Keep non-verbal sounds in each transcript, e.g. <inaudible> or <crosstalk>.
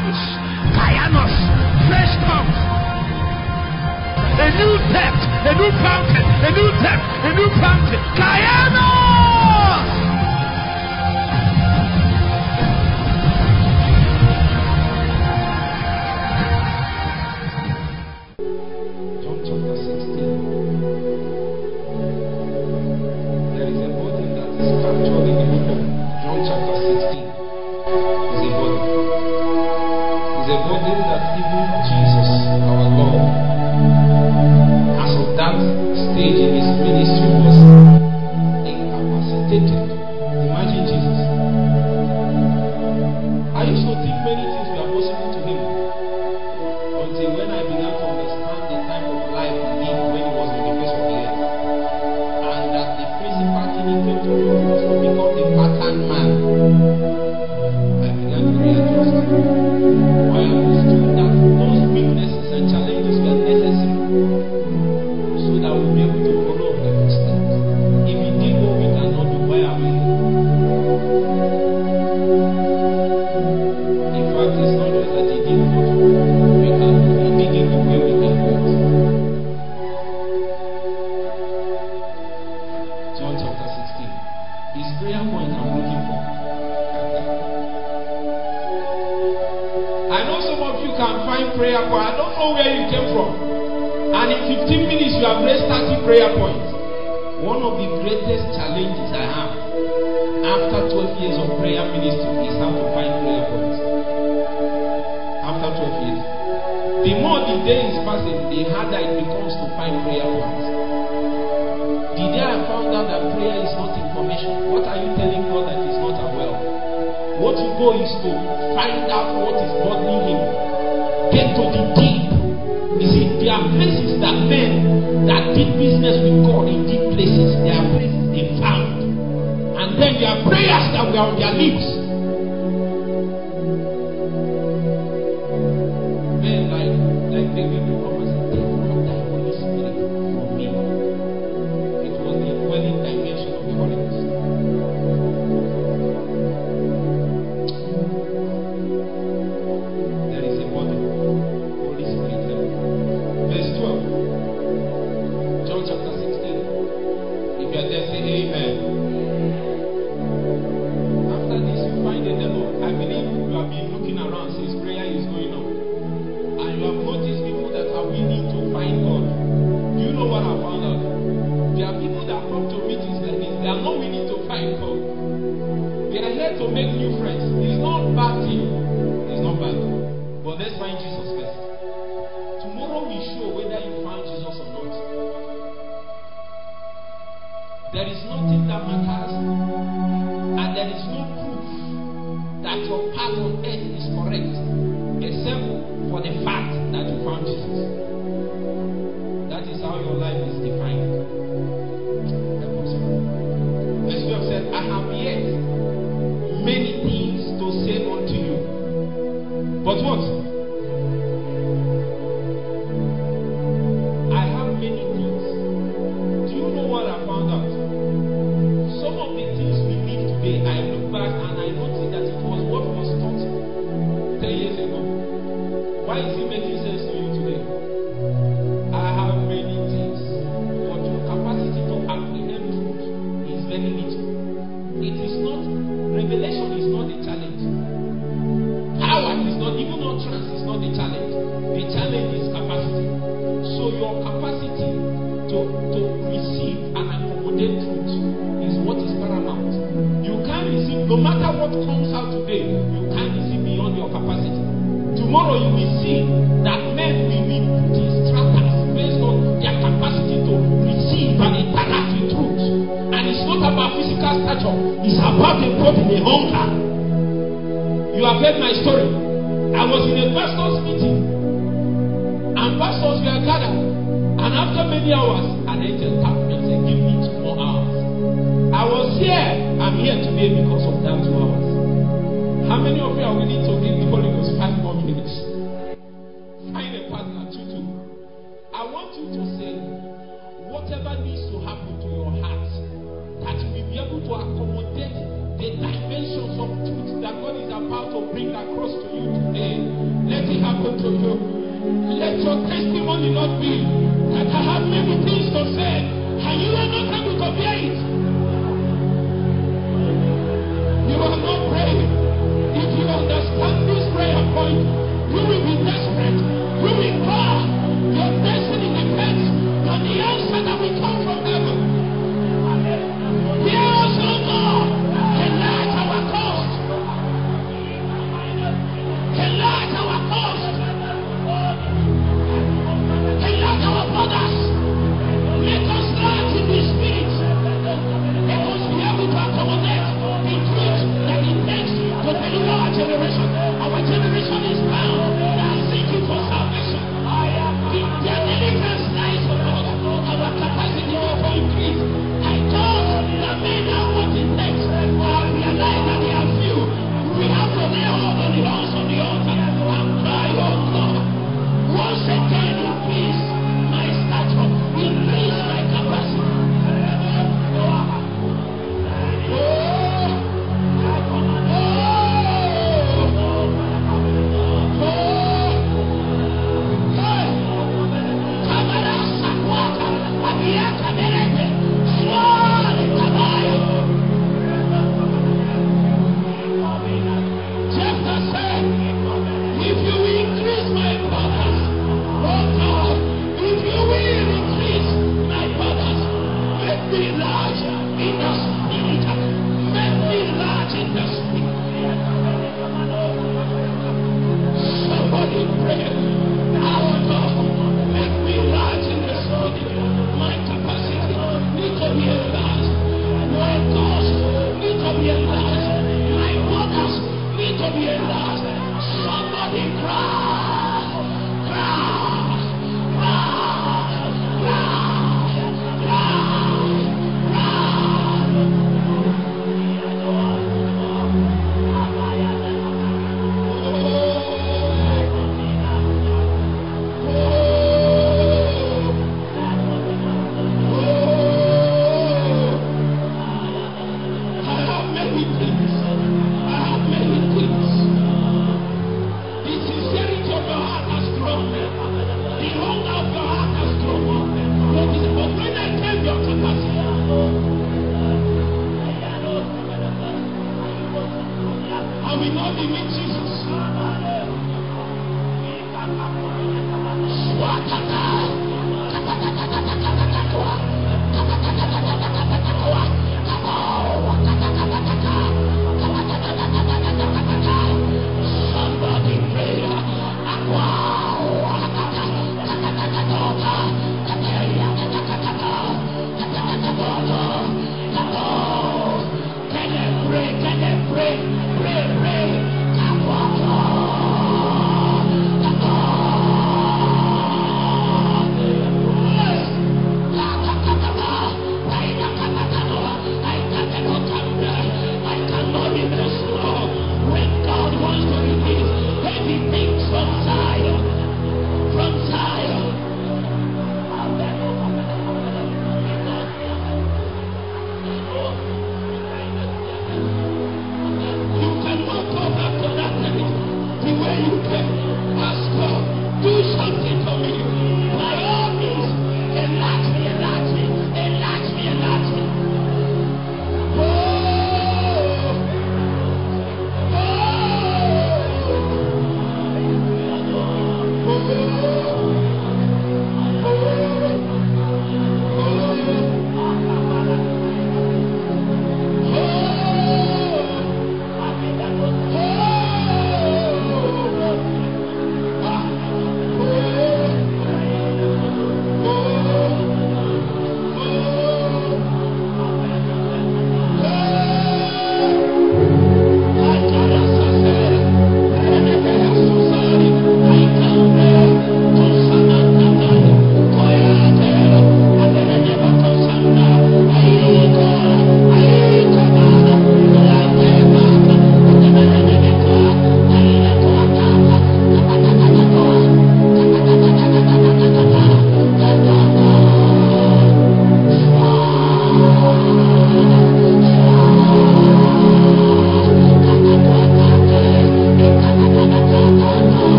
tongues, pianos, fresh tongues, a new depth, a new fountain, a new depth, a new fountain, pianos.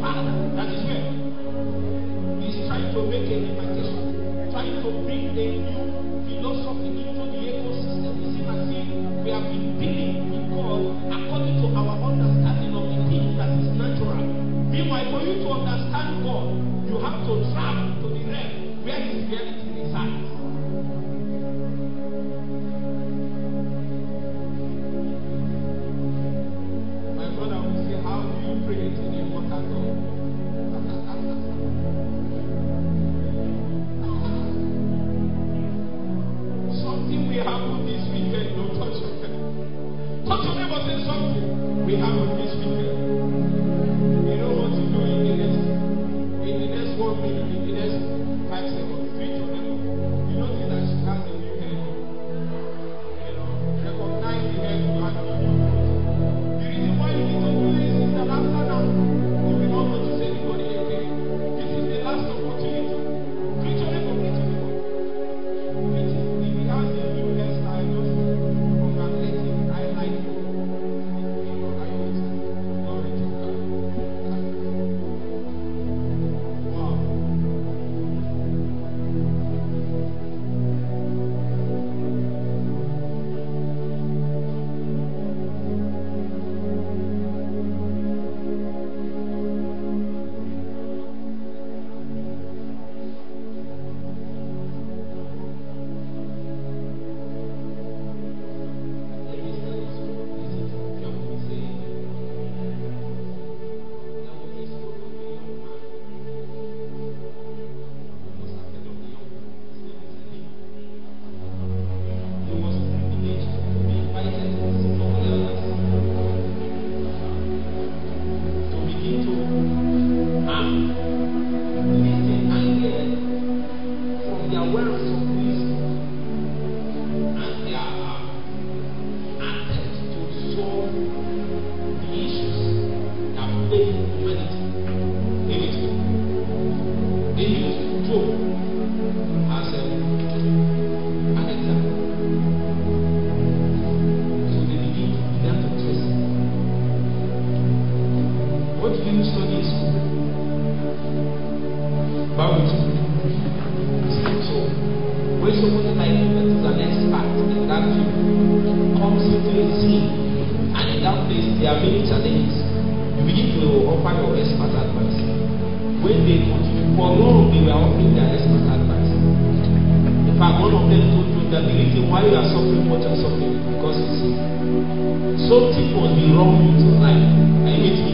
Father, that is fulfilling their expert advice. In fact, one of them told me that the reason why you are suffering what you are suffering is because something was the wrong with your life. Are you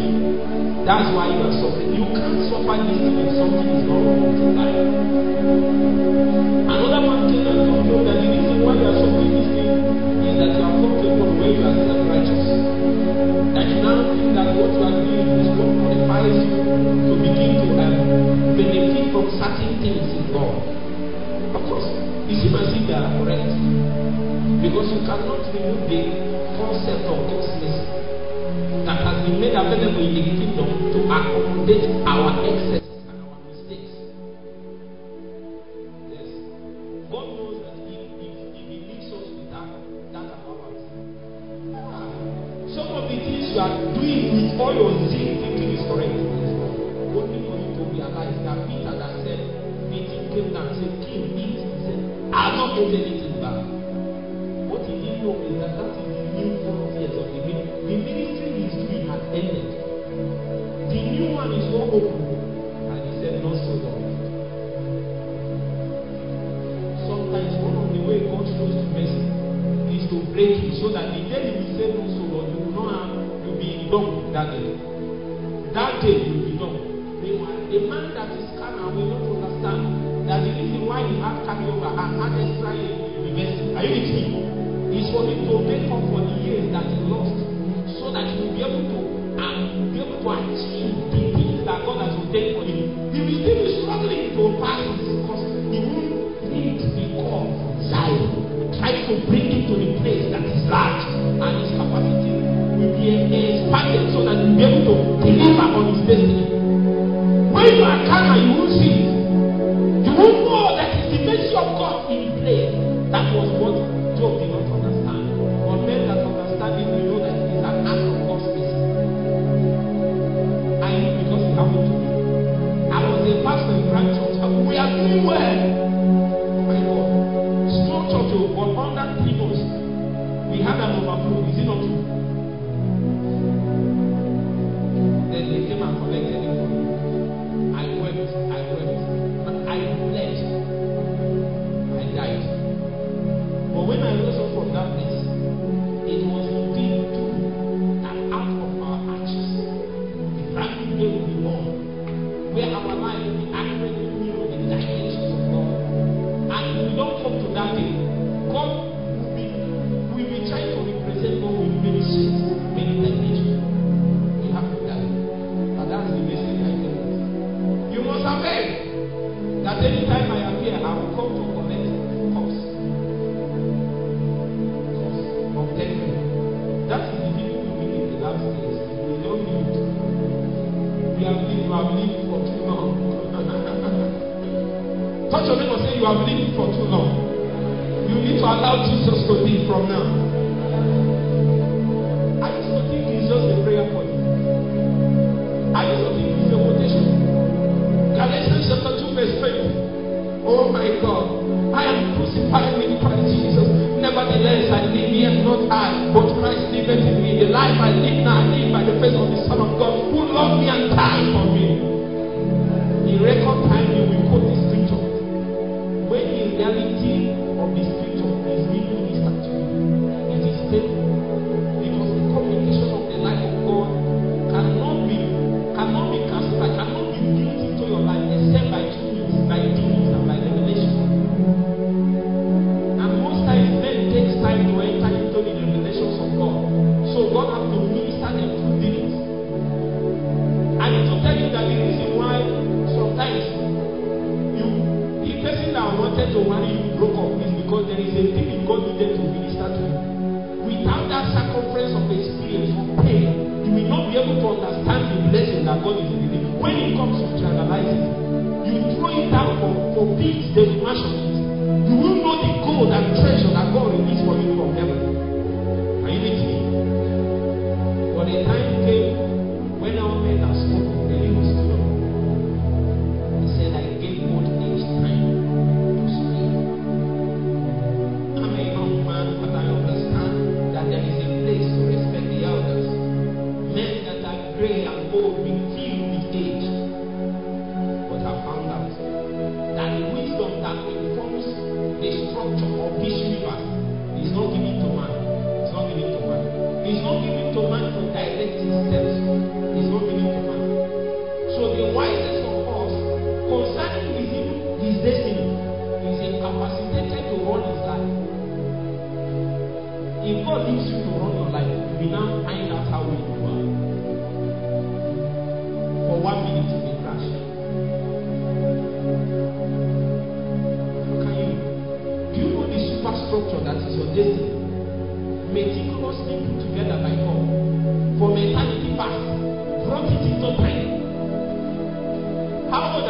That's why you are suffering. You can't suffer this thing if something is not wrong with your life. Another man came and you me that the reason why you are suffering this thing is that you are comfortable to where you are self righteous. That you now think that what you are doing is what qualifies you to begin to things in God. Of course, you see, my they are correct. Because you cannot remove the concept of godliness that has been made available in the kingdom to accommodate our ex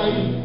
Hallelujah.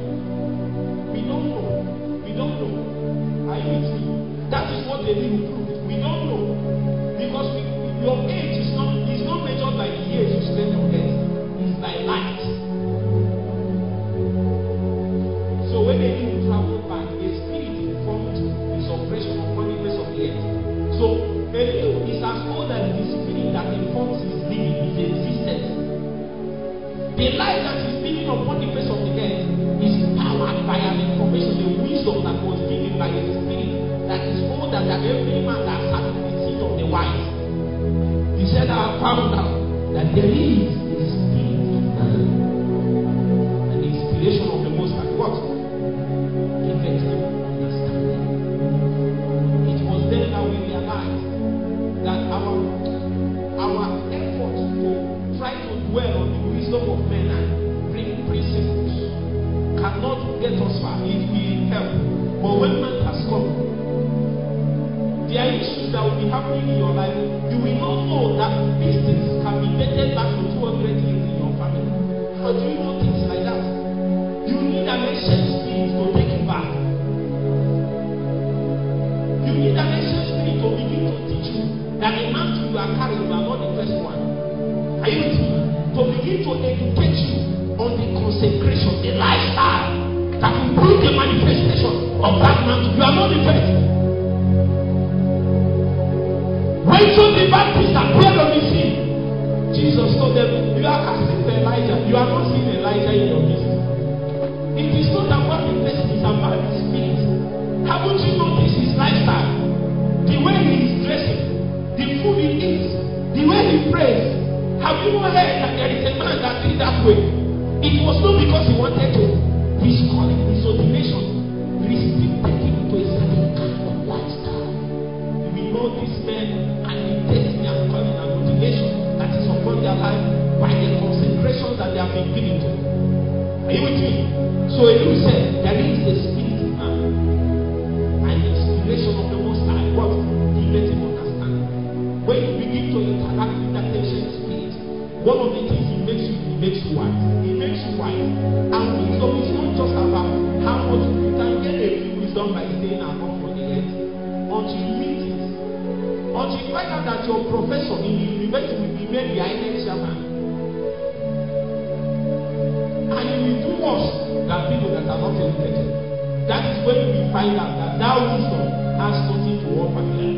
find that that wisdom has nothing to offer them.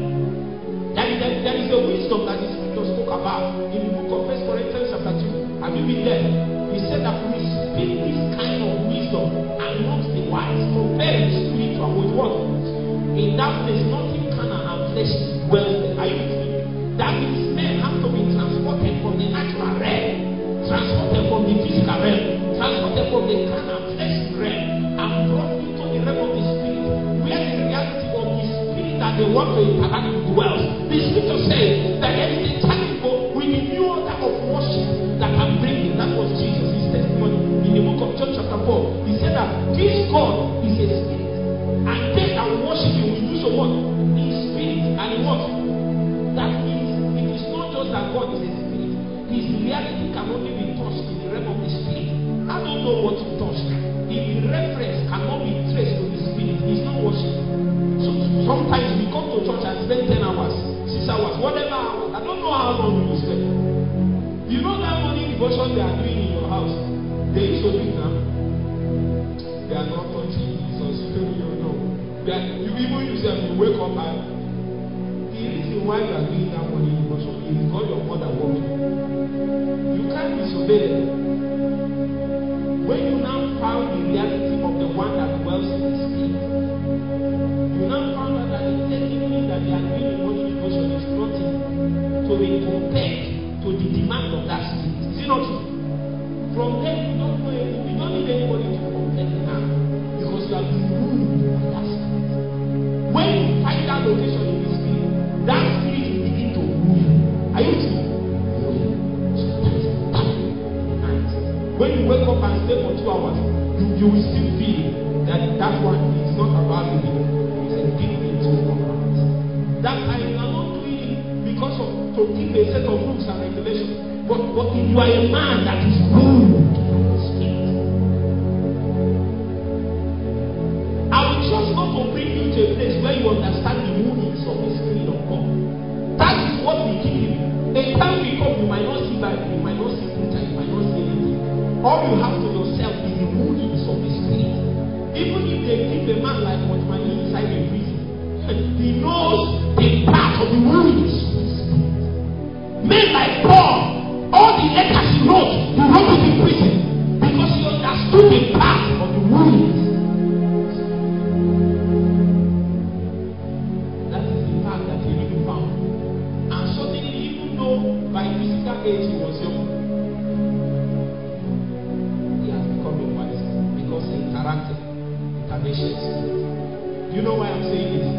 There there, there is a wisdom that the scripture spoke about in the book of First Corinthians chapter 2. Have you been there? He said that we speak this kind of wisdom amongst the wise, compared spiritual with what? In that place, nothing can and flesh dwells Are you age he was young, he has become a wise because he interacted with an ancient you know why I'm saying this?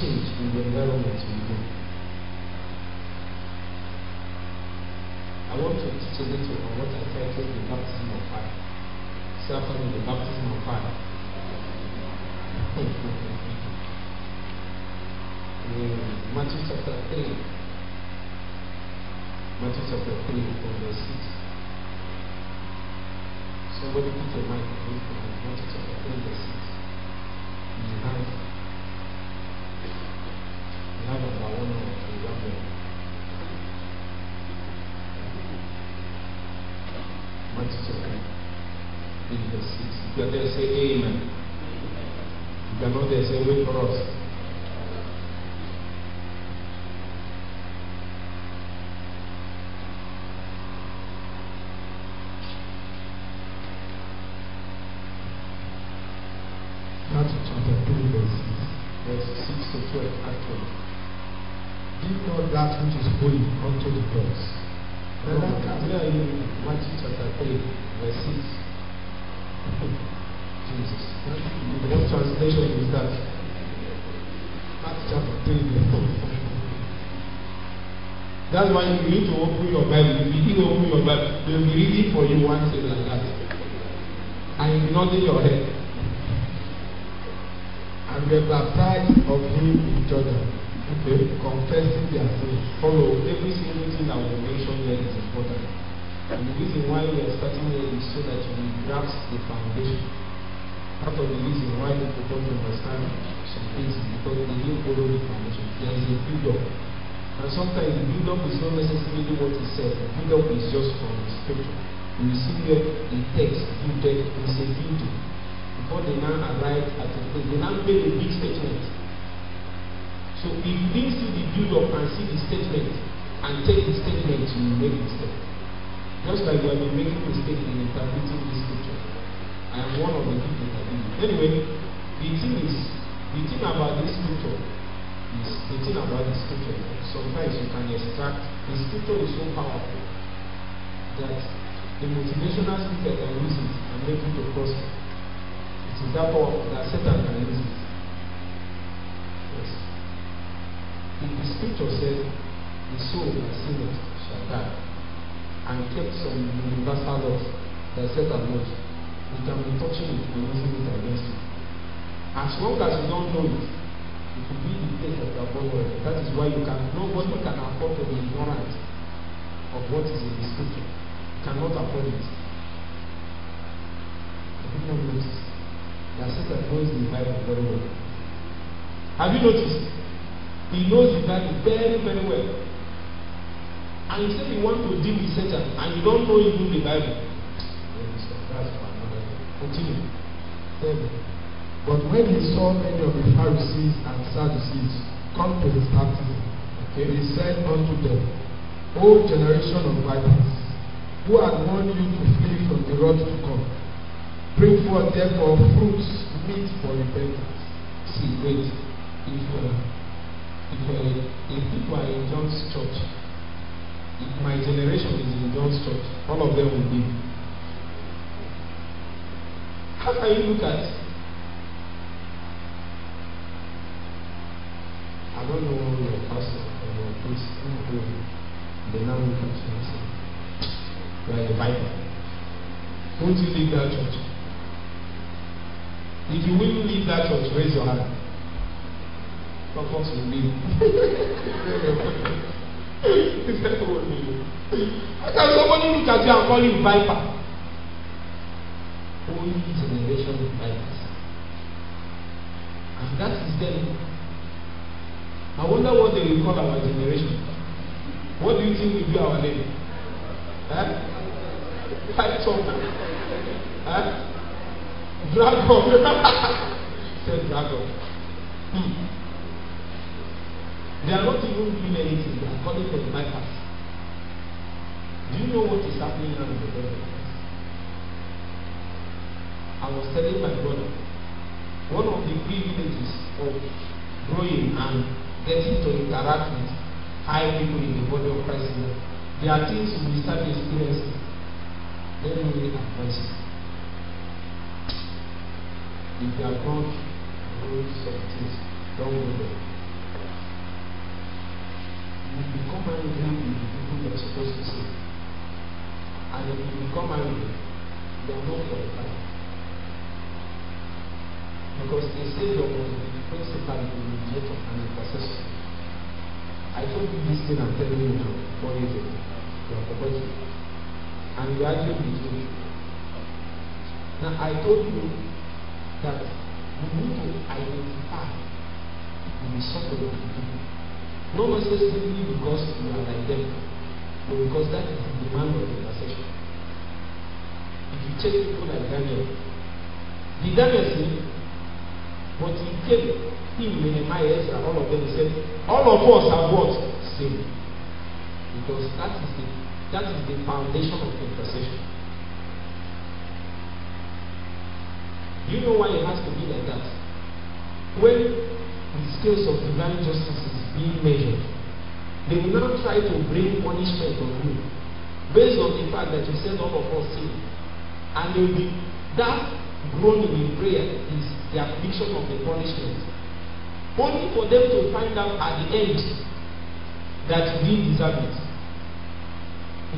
change in the environment we live. I want to teach a little on what I titled the baptism of fire. Say the baptism of fire. <laughs> Matthew chapter 3. Matthew chapter 3 from verse 6. Somebody put your mic in Matthew chapter 3 verse 6. Hablamos de ser muy one, you need to open your Bible. If you didn't open your Bible, they'll be reading for you one thing like that. And you nodding your head. And we baptized of him in Jordan. Okay? Confessing their sins. Follow every single thing that we mention here is important. And the reason why we are starting here is so that you grasp the foundation. Part of the reason why people don't understand some things is because they didn't follow the foundation. There is a freedom. And sometimes the build up is not necessarily what is said, the build up is just from the scripture. We receive here a text, you it, it's a building. Before they now arrive at the place, they now made a big statement. So if you didn't see the build up and see the statement and take the statement, you will make mistake. Just like you have been making mistake in interpreting this scripture. I am one of the people that do. Anyway, the thing is, the thing about this scripture is the thing about the scripture. Sometimes you can extract the scripture is so powerful that the motivational scripture can use it and make you to prosper. It is that powerful that Satan can use it. Yes. In the scripture said, the soul that sinneth shall die, and kept some universal laws that Satan knows. You can be touching it and using it against you. As long as you don't know it, It will be the case of the world. That is why you can nobody can afford to be ignorant of what is in the scripture. Cannot afford it. Have you not noticed? The Satan knows the Bible very well. Have you noticed? He knows the Bible very, very well. And you say you want to deal with Satan and you don't know even the Bible. Continue. Tell me. But when he saw many of the Pharisees and Sadducees come to his baptism, okay. he said unto them, O generation of vipers, who had warned you to flee from the wrath to come? Bring forth therefore fruits meet for repentance. See, wait, if, uh, if, uh, if people are in John's church, if my generation is in John's church, all of them will be. How can you look at follow your pastor or your priest who told you the now you come to him you leave that church if you will leave that church raise your hand purpose will be he said oh no how can somebody look at you and call you viper only generation of vipers and that is them I wonder what they will call our generation. What do you think will be our name? Huh? Fight Huh? Dragon. <laughs> Said dragon. Hmm. They are not even doing anything. They are calling them bypass. Do you know what is happening now in the world? I was telling my brother one of the privileges of growing and getting to interact with high people in the body of Christ. There are things we start experiencing. Let me address it. If they are God, rules of things, don't go there. You become angry with the people you are supposed to see. And if you become angry, they are not qualified. Because they say your must be principally the mediator and intercessor. I told you this thing I'm telling you now, four years ago. You are forgotten. And you argue between you. Now I told you that you need to identify the suffering of people. Not necessarily because you are like them, but because that is the demand of the intercession. If you take people like Daniel, did Daniel say, But he came, him, and Nehemiah, Ezra, all of them, said, All of us are what? Same. Because that is the, that is the foundation of intercession. Do you know why it has to be like that? When the scales of divine justice is being measured, they will now try to bring punishment on you based on the fact that you said all of us sin. And they will be that groaning in prayer is the affliction of the punishment. Only for them to find out at the end that we deserve it.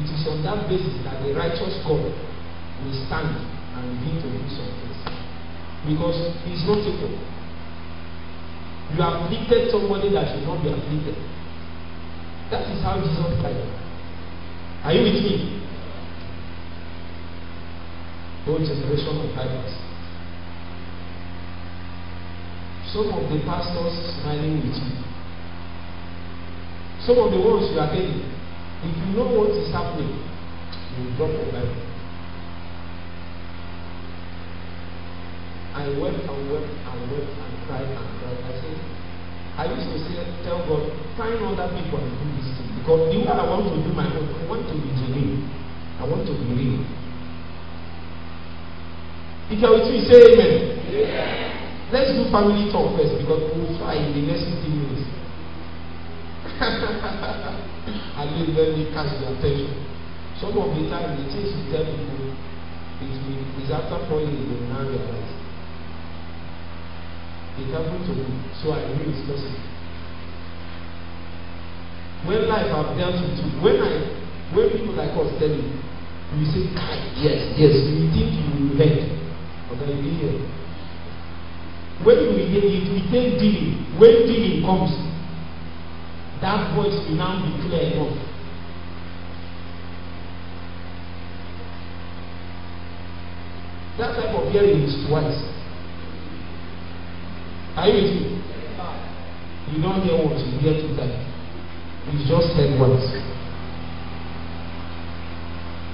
It is on that basis that the righteous God will stand and begin to do something. Because he is not equal. You have afflicted somebody that should not be afflicted. That is how Jesus died. Are you with me? Old generation of fighters. Some of the pastors smiling with you. Some of the ones you are telling, if you know what is happening, you drop your Bible. I wept and wept and wept and cried and cried. I said, I used to say, tell God, find other people and do this thing. Because the way I want to do my own, I want to be genuine. I want to be real. If you're with me, say amen. amen. Let's do family talk first because we will try in the next 15 minutes. At least let me catch their attention. Some of the time, the things you tell people is, is after falling in the now realize. It happened to me, so I knew it's possible. When life I've dealt with you, when I when people like us tell you, you say, ah, yes, yes, you think you will head, but then you hear when we if we take dealing when dealing comes that voice will now be clear enough. That type of hearing is twice. Are you with me? You don't hear what you hear two times. You just heard once.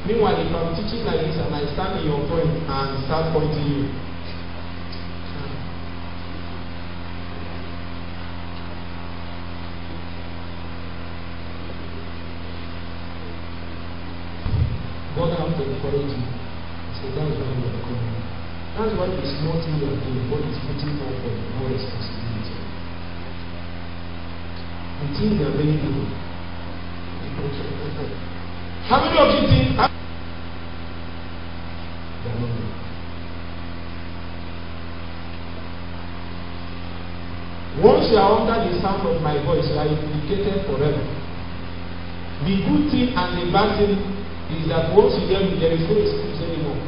Meanwhile, if I'm teaching like this and I stand in your point and start pointing you, encouraging. So that's why we are coming. That's why it's not you are doing, but it's putting forward more responsibility. think there are many people. How many of you think? Once you are under the sound of my voice, you are implicated forever. The good thing and the bad thing is that once you tell me there is no excuse anymore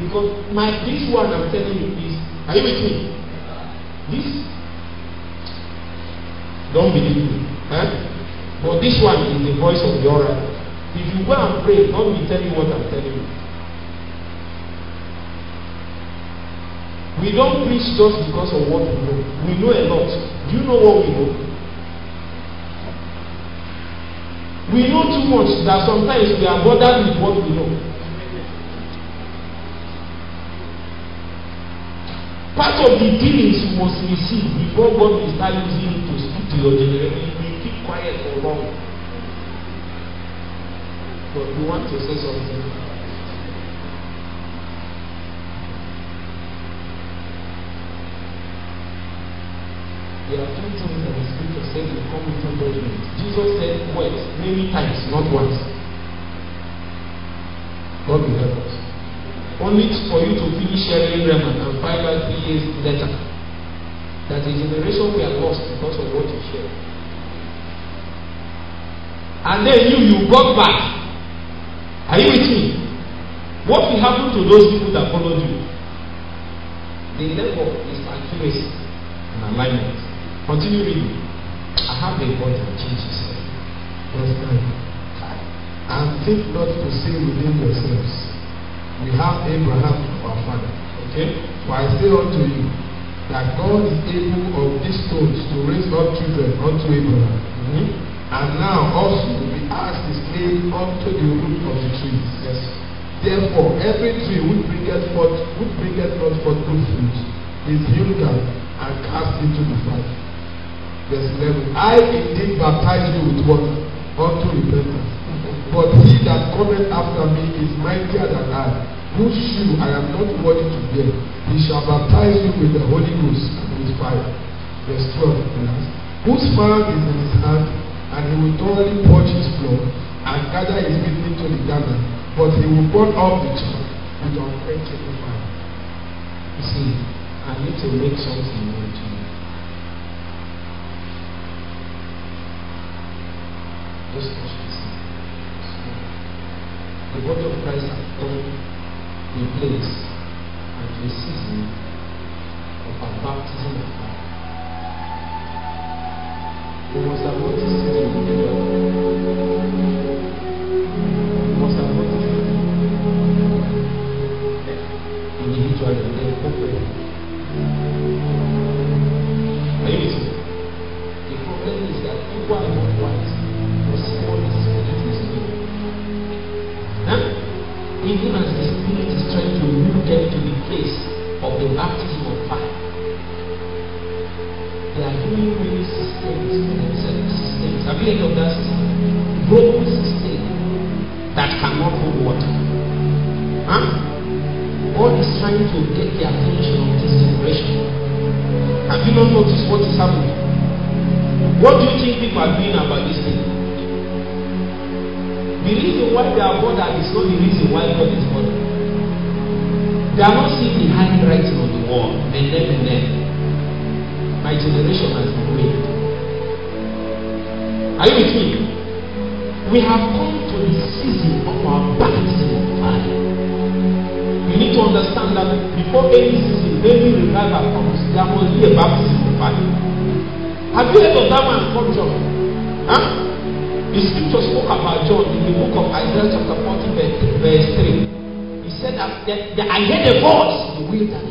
because my this one i'm telling you is are you with me this don't believe me eh? but this one is the voice of the oral if you go and pray god will tell you what i'm telling you we don preach just because of what we know we know a lot do you know what we know. much that sometimes we are bothered with what we know. Part of the things you must receive before God will start using it to speak to your generation. You keep quiet for long. But you want to say something. They are tempting him that the scripture said sin will come into judgment. Jesus said words many times, not once. God will help us. Only for you to finish sharing Raman and five out three years later that the generation we are lost because of what you share. And then you, you got back. Are you with me? What will happen to those people that followed you? The level is accuracy and alignment. Continue reading. I have a God of Jesus. Verse 9. And think not to say within yourselves, We have Abraham our father. Okay? For I say unto you, that God is able of these stones to raise up children unto Abraham. Mm-hmm. And now also we ask his name unto the root of the trees. Yes. Therefore, every tree which bringeth forth, which bringeth forth good fruit, is hewn down and cast into the fire verse 11. I indeed baptize you with water unto repentance. But he that cometh after me is mightier than I, whose shoe I am not worthy to bear. He shall baptize you with the Holy Ghost and with fire. Verse 12. Whose fan is in his hand, and he will thoroughly purge his floor and gather his meat into the garden, but he will burn up the chaff with unquenchable fire. You see, I need to make something known to you. those The body of Christ has come in place and a season of our baptism of fire. We must have noticed estou de início the, the, I hear the voice in the wilderness.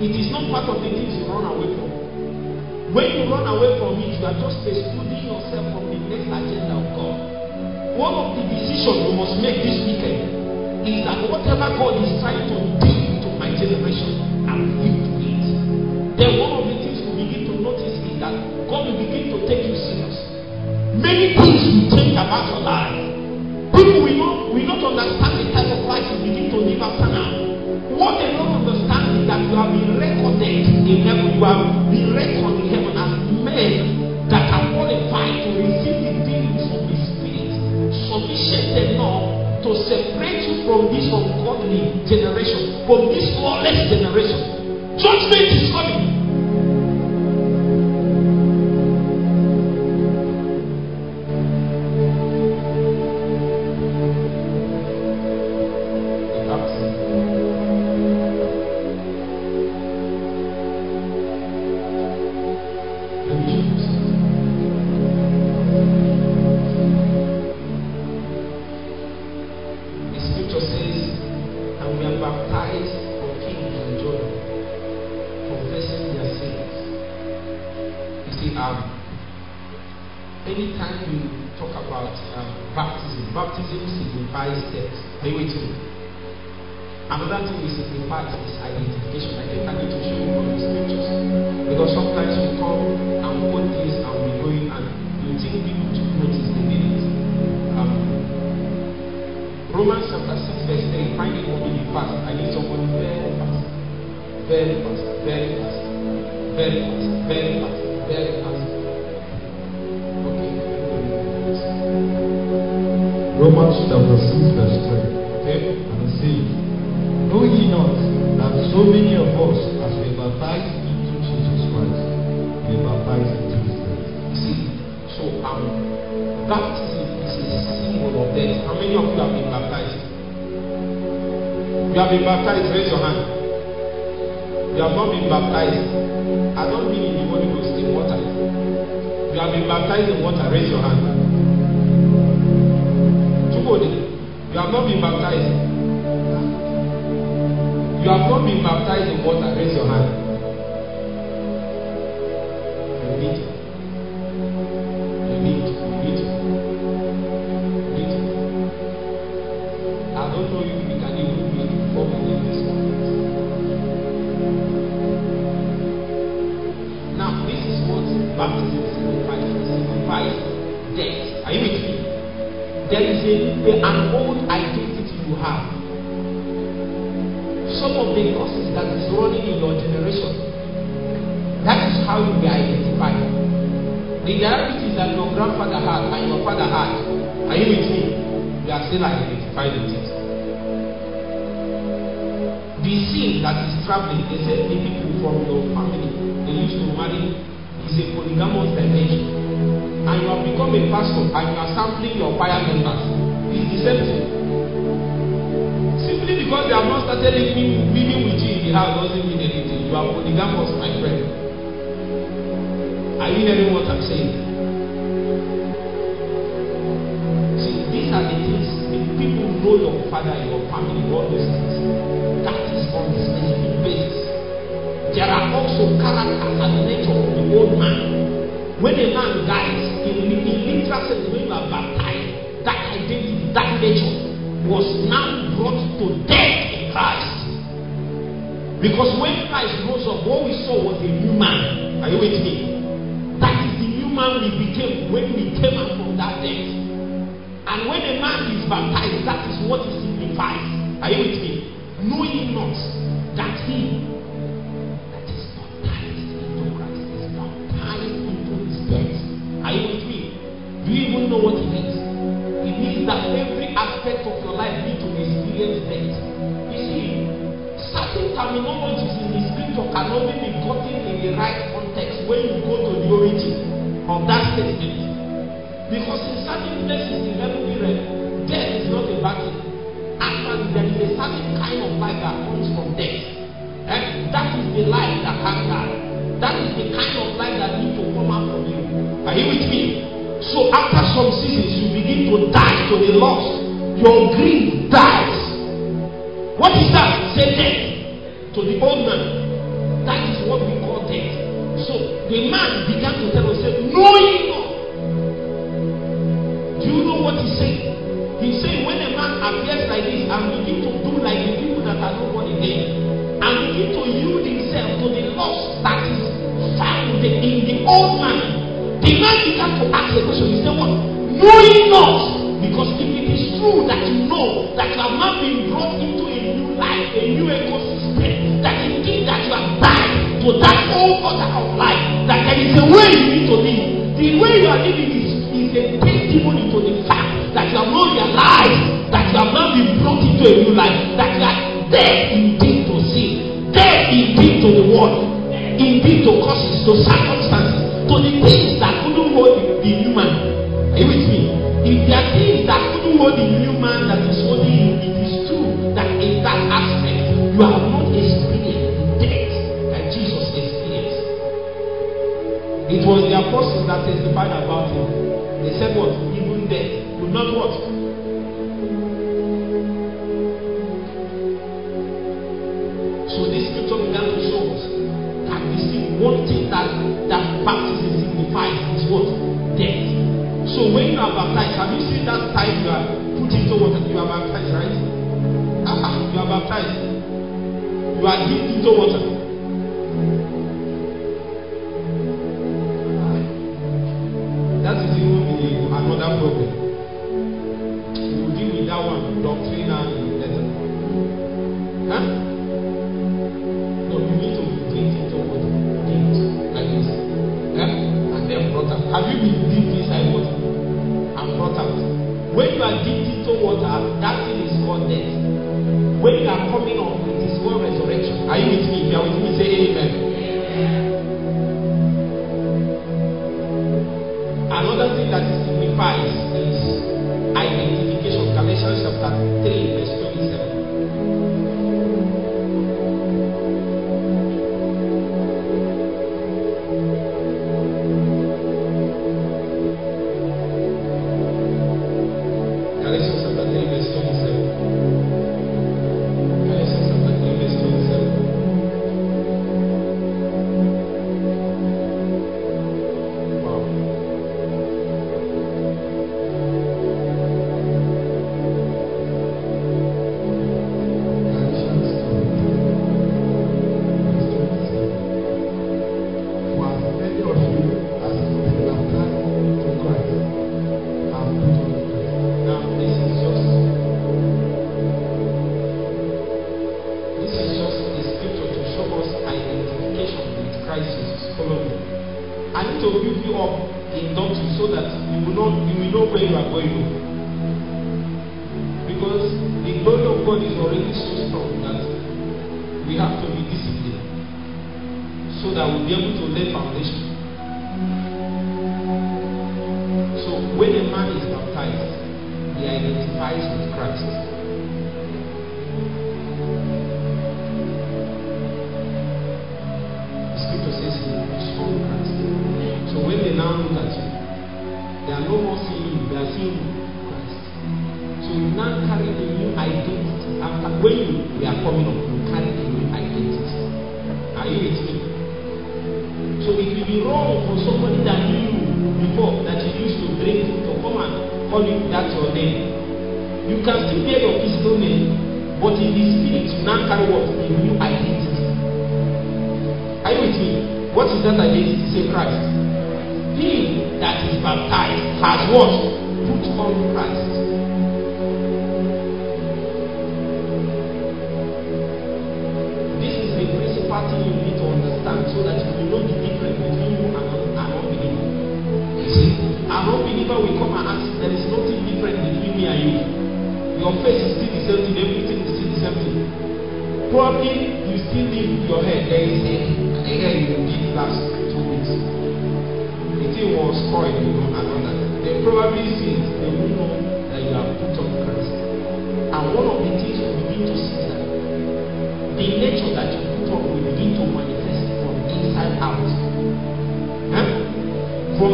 It is not part of the things you run away from. When you run away from it, you are just excluding yourself from the next agenda of God. One of the decisions you must make this weekend is that whatever God is trying to bring to my generation, I'm willing to it. Then one of the things you begin to notice is that God will begin to take you serious. Many things you think about your life. you have been raised from heaven as men that are qualified to receive the things of the Spirit, Submission, sufficient enough to separate you from this ungodly generation, from this lawless generation. Judgment is coming. baptism signifies death. Are you with me? There is a, a, an old identity you have. Some of the causes that is running in your generation. That is how you be identified. The realities that your grandfather had and your father had. Are you with me? You are still identified with it. The sin that is traveling, they said the people from your family, they used to marry is a polygamous tendency and you have become a pastor and you are sampling your fire members it's the same thing simply because they have not started living living with you in the house doesn't mean anything you are polygamous my friend are you hearing what i'm saying see these are the things the people know your father your family all those things. to character and nature of the old man. When a man dies, in, in literal sense, when baptized, that identity, that nature was now brought to death in Christ. Because when Christ rose up, what we saw was a new man. Are you with me? That is the new man we became when we came out from that death. And when a man is baptized, that is what it signifies. Are you with me? Knowing not that he you. into a new life that you are dead indeed to sin, dead indeed to the world, indeed to causes, to circumstances, to the things that couldn't hold the, the new man. Are you with me? If there are things that couldn't hold the new man that is holding you, it is true that in that aspect you have not experienced death like Jesus experienced. It was the apostles that testified about him. They said what? Even death could not what? задуматься, now look at you. They are no more seeing you, they are seeing Christ. So you now carry the new identity. After when you, we are coming up, you carry the new identity. Are you with me? So it will be wrong for somebody that knew you before that you used to drink to come and call you that's your name. You can still bear your physical name, but in the spirit, you now carry what? A new identity. Are you with me? What is that identity? Say Christ he that is baptized has what? Put on Christ. This is the principal thing you need to understand so that you will know the difference between you and an unbeliever. see, an unbeliever will come and ask, there is nothing different between me and you. Your face is still the same thing, everything is still the same thing. Probably you still need your head. There is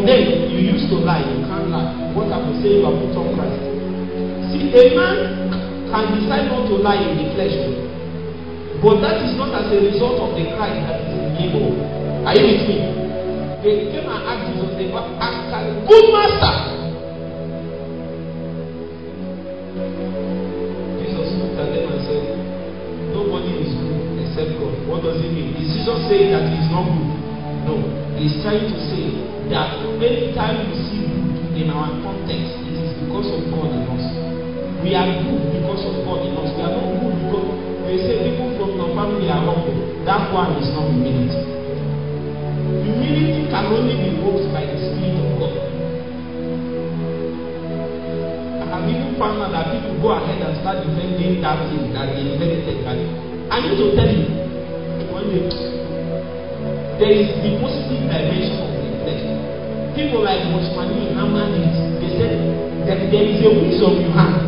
Then you used to lie, you can't lie. What I will say, you have put on Christ. See, a man can decide not to lie in the flesh, but that is not as a result of the crime that is in him. Oh. Are you with me? They came and asked Jesus, they were asked, Good master. Jesus looked at them and said, Nobody is good except God. What does he mean? Is Jesus saying that he is not good? No. He is trying to say that many times we see good in our context, it is because of God in us. We are good because of God in us. We are not good because they say people from your family are humble. That one is not humility. Humility can only be worked by the Spirit of God. I've even found out that people go ahead and start defending that thing that they invented. I need to tell you, one day, there is the positive dimension people like Mosmani and Amanis, they said that there is a wisdom you have.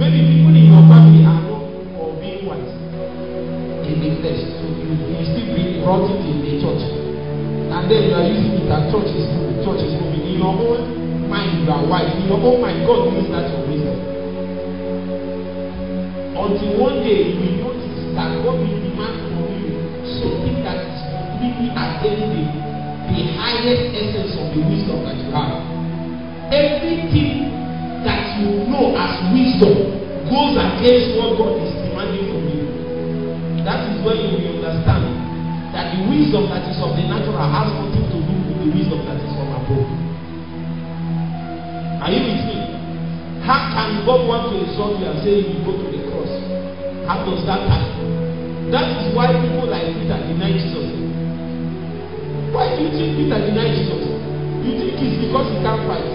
Maybe people in your family are not or being wise in the flesh, so you, you still be brought it in the church. And then you are using it at churches, churches moving. In your own mind, you are wise. In your own mind, God uses that your wisdom. the highest essence of the wisdom that you have. Everything that you know as wisdom goes against what God is demanding from you. That is when you will understand that the wisdom that is of the natural has nothing to do with the wisdom that is from above. Are you with me? How can God want to insult you and say you go to the cross? How does that happen? That is why people like Peter deny Jesus. Why do you think Peter denied Jesus? You think it's because he can't fight?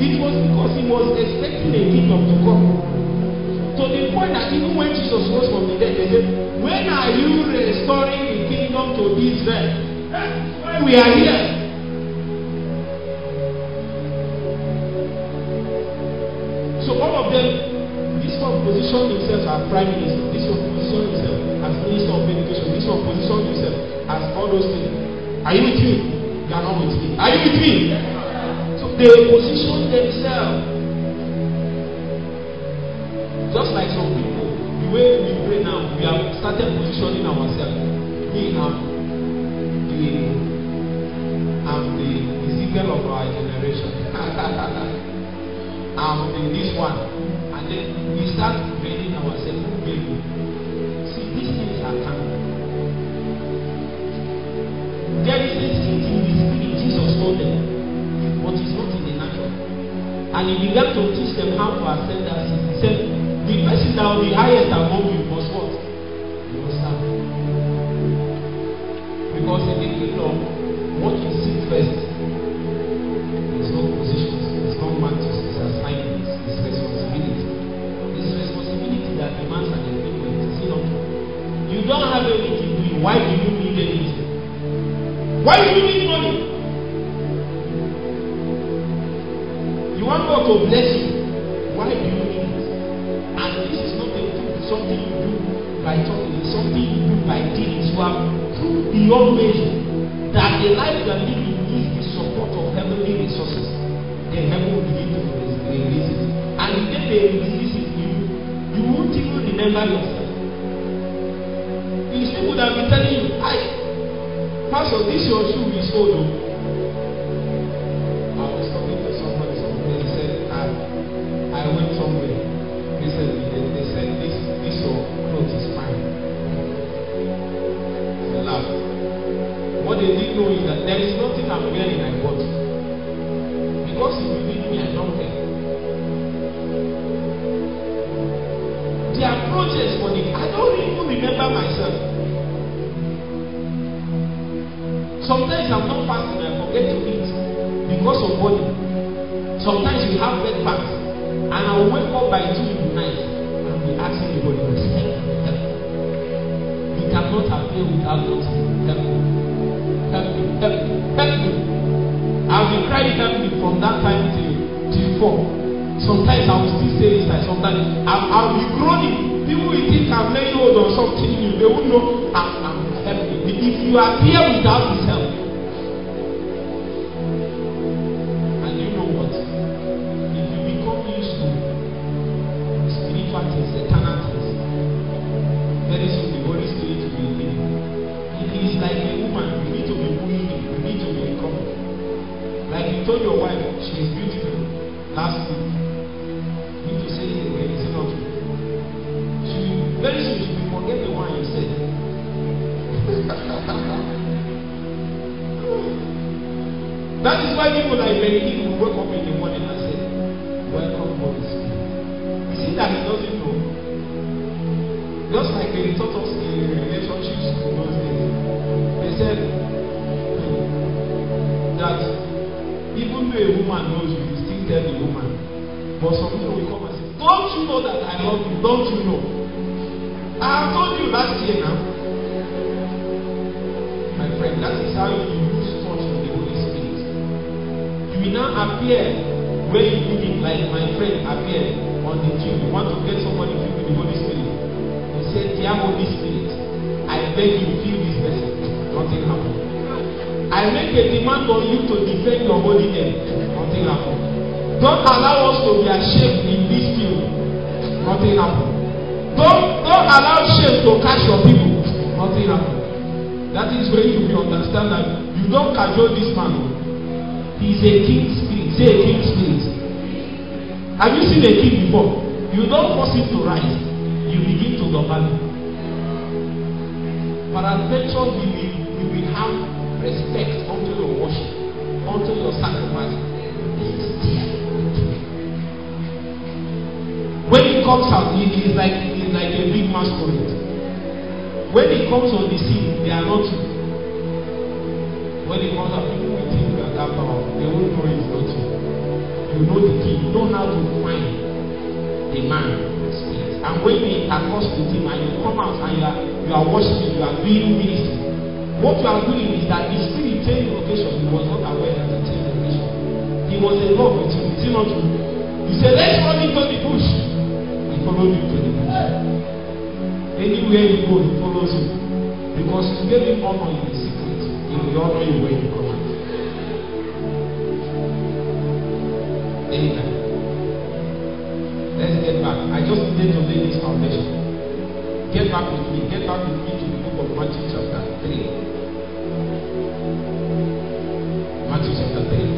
It was because he was expecting a kingdom to come. To the point that even when Jesus rose from the dead, they said, When are you restoring the kingdom to Israel? That's why we are here. So all of them, this one positioned himself as prime minister, this one positioned himself as minister of education, this one positioned himself as all those things. Are you with me? You are not with me. Are you with me? So they position themselves. Just like some people, the way we pray now, we have started positioning ourselves. Me am the I'm the Ezekiel of our generation. <laughs> I'm the this one. we began to teach them how to ascend that city. He said, the person that will be highest among you remember myself. Sometimes I'm not fasting, I forget to eat because of body. Sometimes we have bed fast and I wake up by two in the night and be asking the body for help. You cannot appear without God's help. Help me, help me, help me. I'll be crying help me from that time till till four. Sometimes I'll still say this, like sometimes I'll I've been groaning. People will think I'm laying hold on something new. They will know I'm, I'm helping. If you appear without his help, are worshiping, you are doing ministry. What you are doing is that the spirit in changing location. He was not aware that he changed location. He was in love with you. Is it not true? He said, Let's run into the bush. He followed you to the bush. Anywhere you go, he follows you. Because he gave him honor in the secret. He will honor you when you come out. Anytime. Let's get back. I just need to lay this foundation. Get back with me. Get back with me to the book of Matthew chapter three. Matthew chapter three.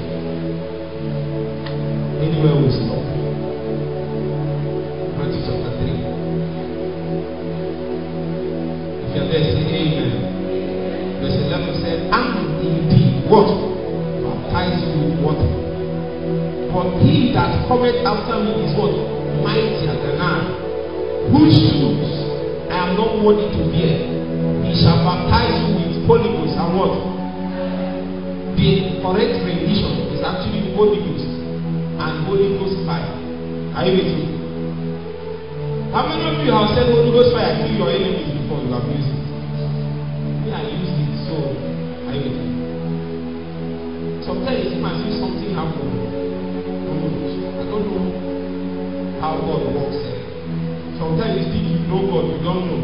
Anywhere we stop. Matthew chapter three. If you're there, say amen. Verse eleven said, And indeed, what? Baptize you with water. But he that cometh after me is what? Mightier than I. Who should not worthy to be he shall baptize you with Holy Ghost and what? The correct rendition is actually Holy Ghost and Holy Ghost fire. Are you with me? How many of you have said Holy Ghost fire kill your enemies before you have used it? Me, I used it, so are you with me? Sometimes it might be something happen. I don't know how God works know God, you don't know.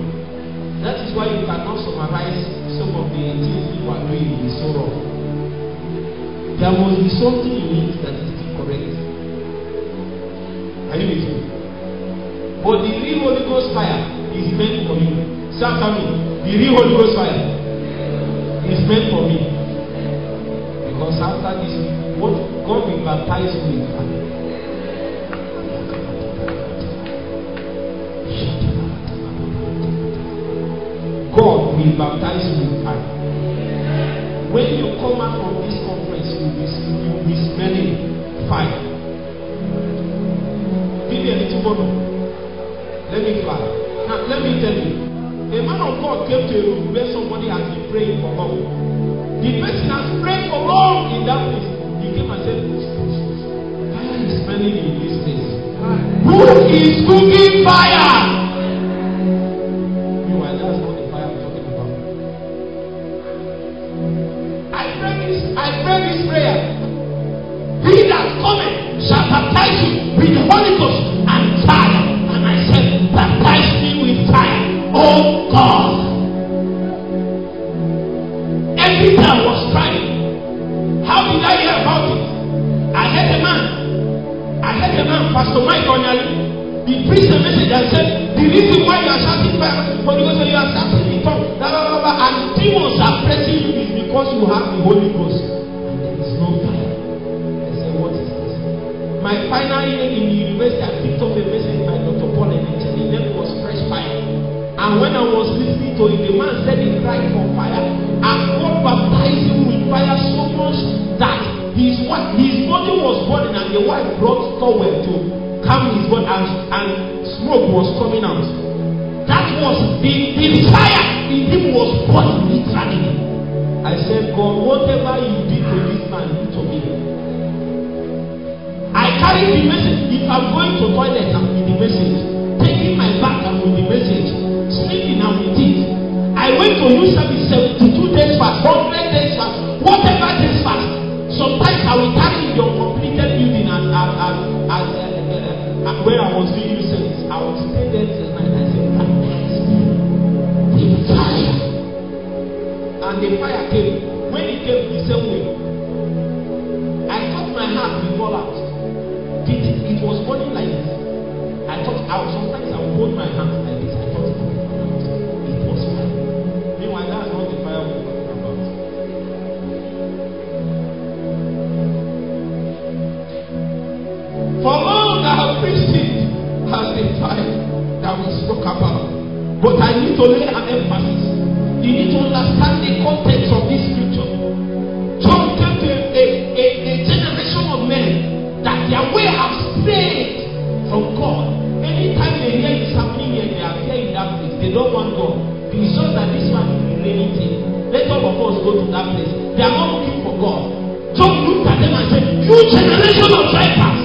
That is why you cannot summarize some of the things you are doing in so wrong. There must be something in it that is correct. Are you with me? But the real Holy Ghost fire is meant for you. Shout at The real Holy Ghost fire is meant for me. Because after this, what God will baptize me with. will baptize with fire. When you come out from this conference, you will be, you smelling fire. Give me a little bottle. Let me fly. Now, let me tell you. A man of God came to a room where somebody has been praying for God. The person has prayed for long in that place. He came and said, Fire is smelling in this place. Who is cooking fire? I heard a man, I heard a man, Pastor Mike Onyali, he preached a message and said, The reason why you are shouting fire for the Ghost, you are shouting in tongues, and demons are pressing you is because you have the Holy Ghost. And there is no fire. I said, What is this? My final year in the university, I picked up a message by Dr. Paul and said, the name was Fresh Fire. And when I was listening to it, the man said he cried for fire. And God baptized him with fire so much that his wife, his body was burning, and the wife brought towel to calm his body, and, and smoke was coming out. That was the, the fire in him was burning literally. I said, God, whatever you did to this man, do to me. I carry the message. If I'm going to toilet, I'm with the message. Taking my bag, I'm with the message. Sleeping, I'm with it. I went to new service 72 days fast, 100 days fast, whatever. Sometimes I will carry your completed building and, as and, and, and, and uh, uh, where I was doing you service. I will stay there till night. I say, fire. fire. And the fire came. When it came the same way, I thought my heart before fall out. It, it was burning like this. I thought I would sometimes I would hold my hands like this. side that we spoke about. But I need to lay an emphasis. You need to understand the context of this scripture. John came to a, a, a generation of men that their way have strayed from God. Anytime they hear it happening here, they are here in that place. They don't want God. It is just that this man is thing. Let all of us go to that place. They are not looking for God. John looked at them and said, You generation of vipers.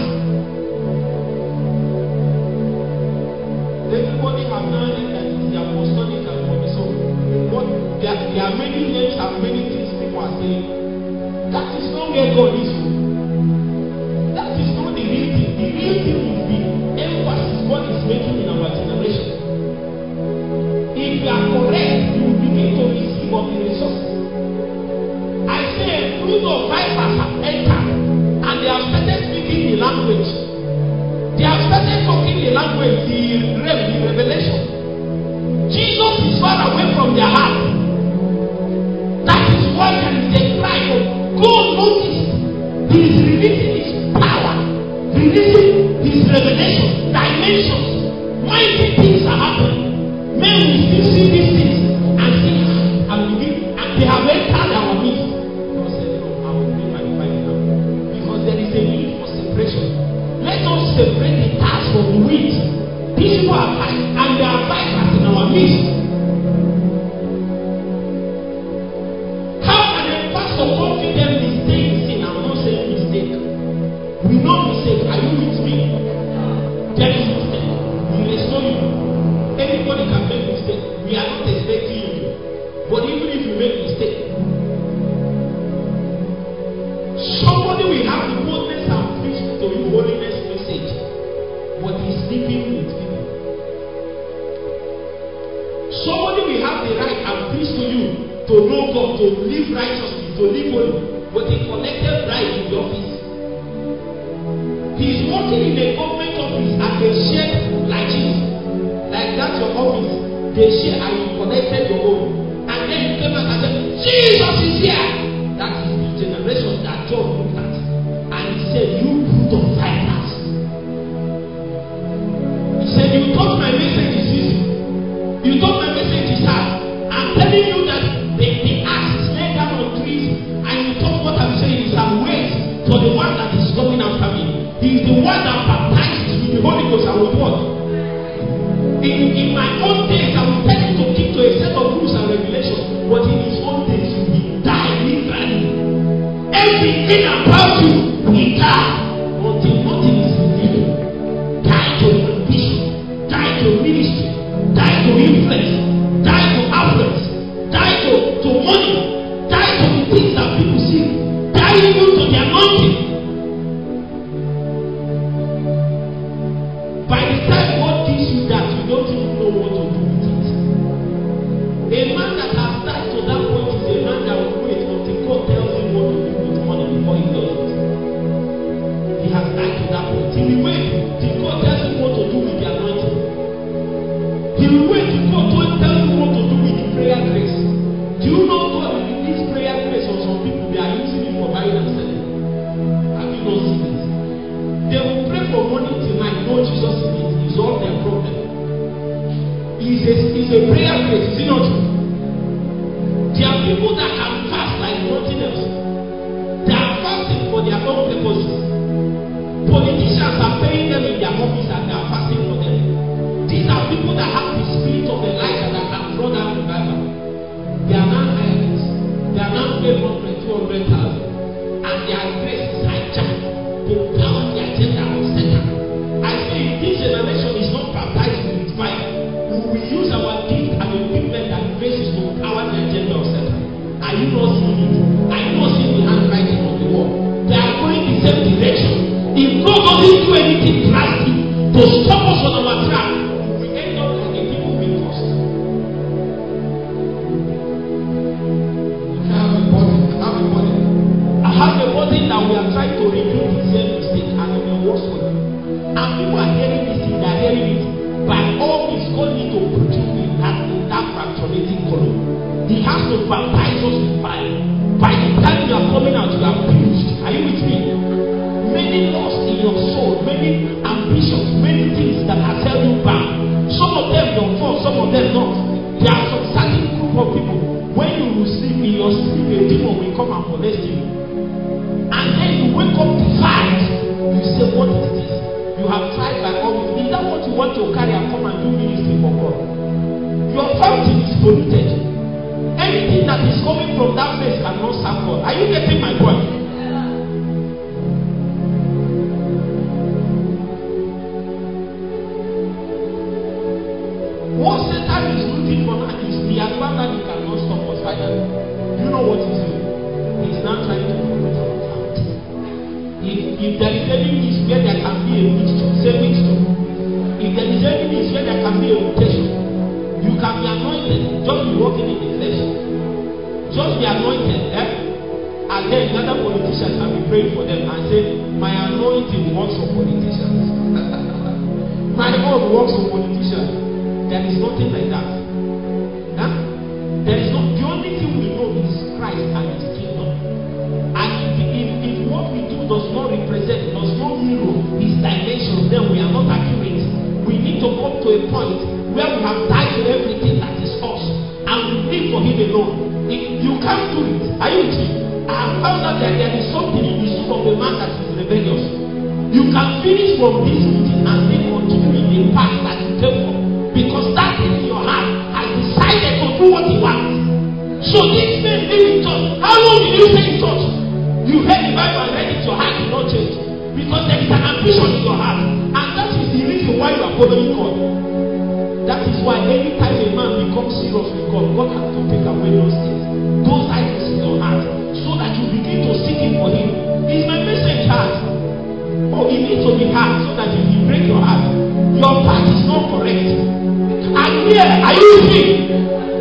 Your path is not correct. And here are you seeing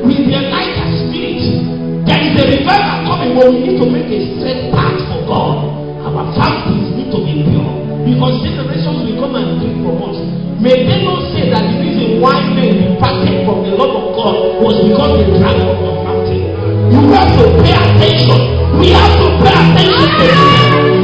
with the light and spirit. There is a revival coming but we need to make a straight path for God. Our families need to be pure. Because generations will come and drink from us. May they not say that the reason why men departed from the love of God was because they drank from the fountain. You have to pay attention. We have to pay attention to this.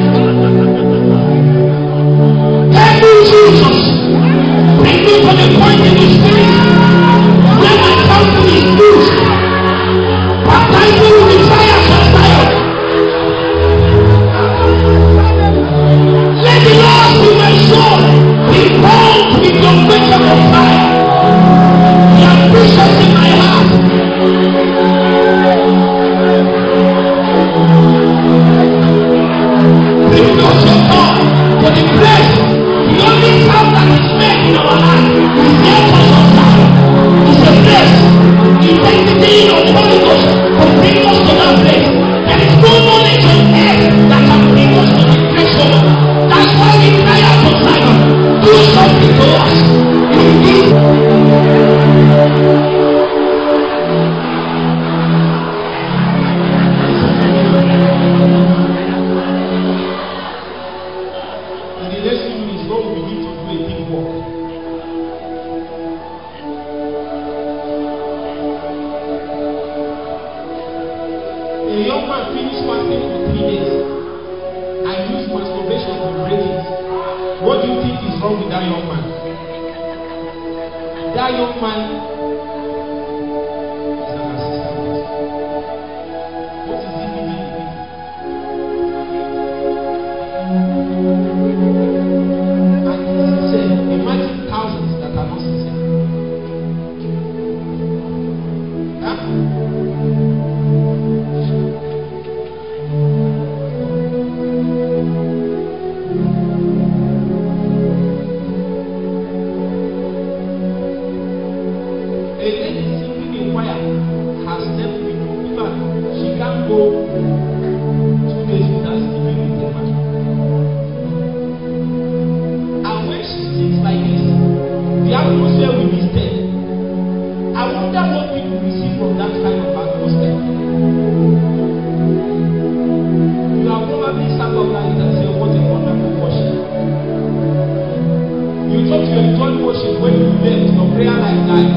prayer like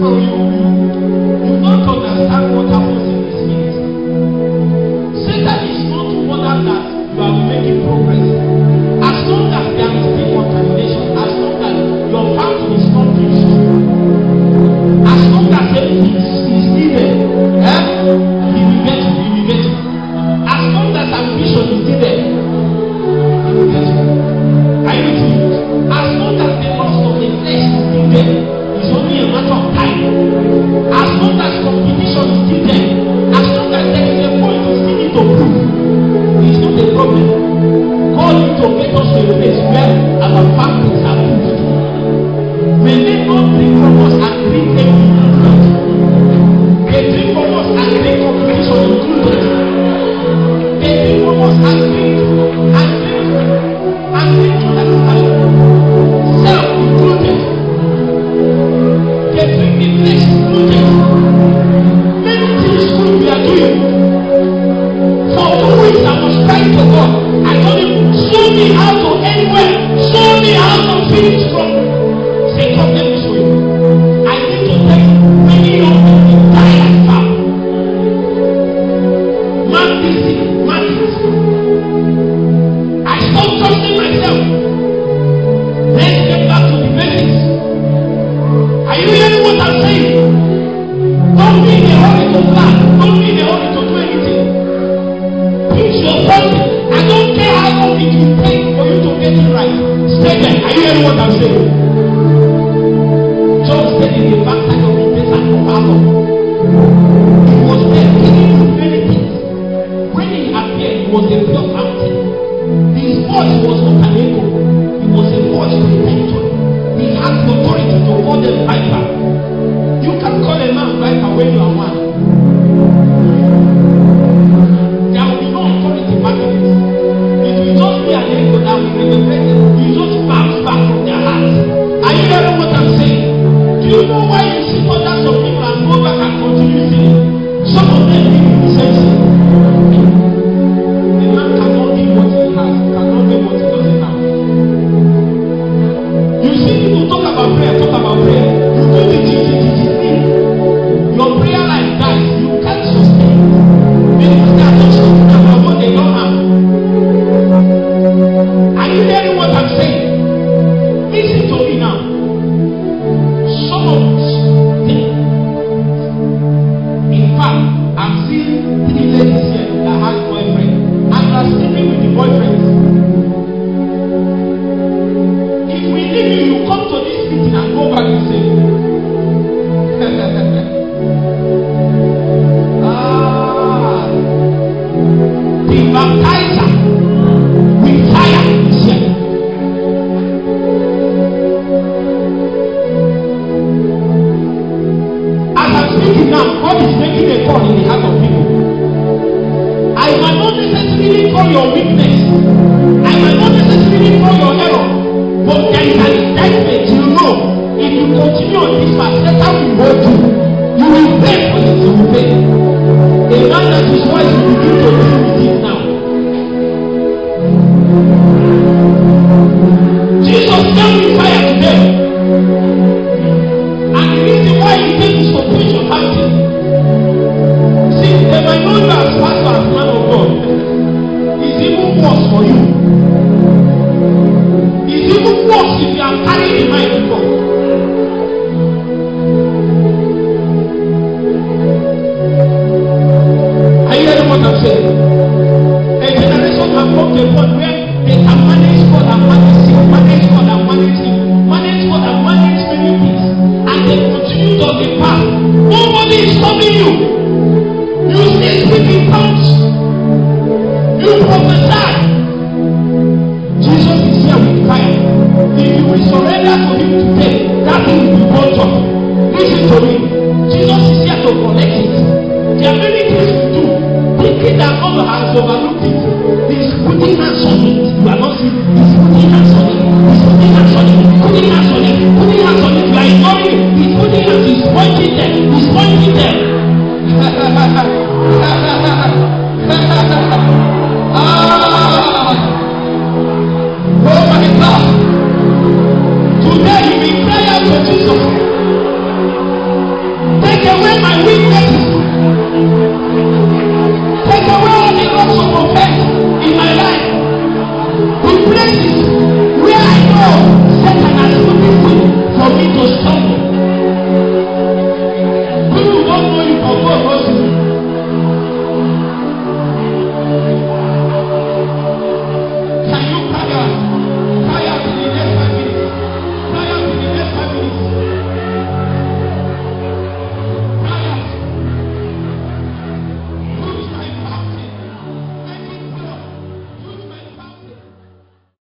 So you